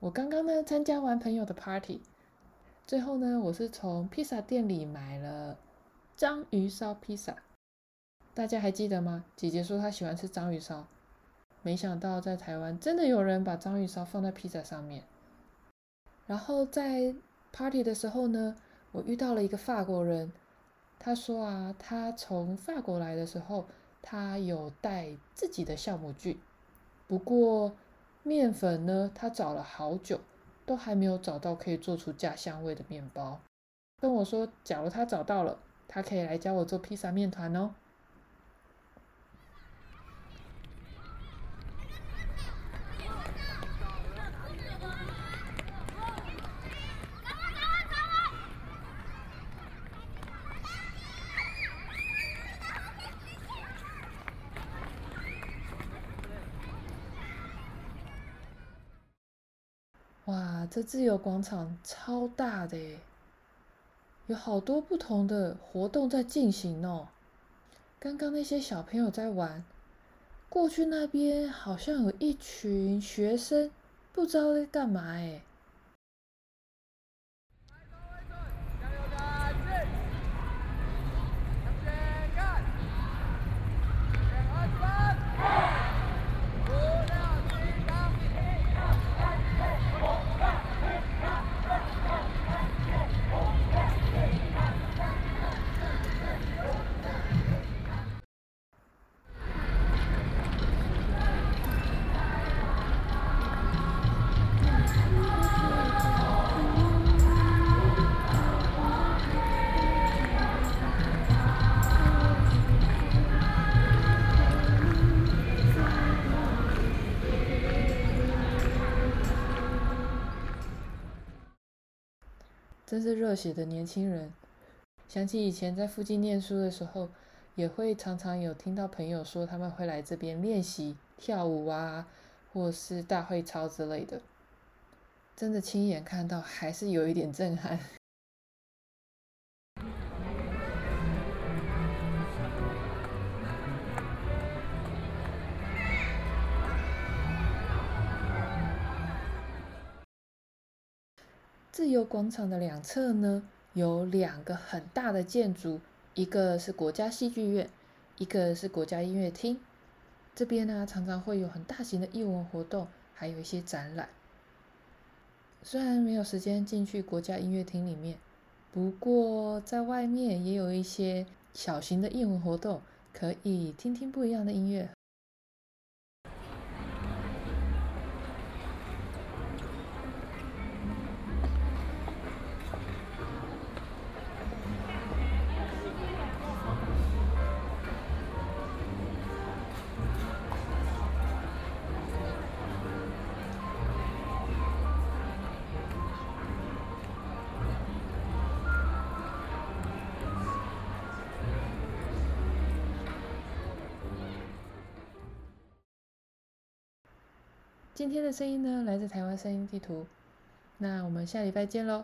我剛剛呢參加完朋友的 party，最後呢我是從披薩店裡買了章魚燒披薩，大家還記得嗎？姐姐說她喜歡吃章魚燒，沒想到在台灣真的有人把章魚燒放在披薩上面。然後在 party 的時候呢，我遇到了一個法國人，他說啊，他從法國來的時候，他有帶自己的酵母菌，不過，麵粉呢？他找了好久，都還沒有找到可以做出家鄉味的麵包。跟我說，假如他找到了，他可以來教我做披薩麵團哦。哇，這自由廣場超大的誒，有好多不同的活動在進行哦。剛剛那些小朋友在玩，過去那邊好像有一群學生，不知道在幹嘛誒。真是熱血的年輕人，想起以前在附近念書的時候，也會常常有聽到朋友說他們會來這邊練習跳舞啊，或是大會操之類的。真的親眼看到還是有一點震撼。自由廣場的兩側呢，有兩個很大的建築，一個是國家戲劇院，一個是國家音樂廳。這邊呢、啊，常常會有很大型的藝文活動，還有一些展覽。雖然沒有時間進去國家音樂廳裡面，不過在外面也有一些小型的藝文活動，可以聽聽不一樣的音樂。今天的聲音呢，來自台灣聲音地圖。那我們下禮拜見嘍。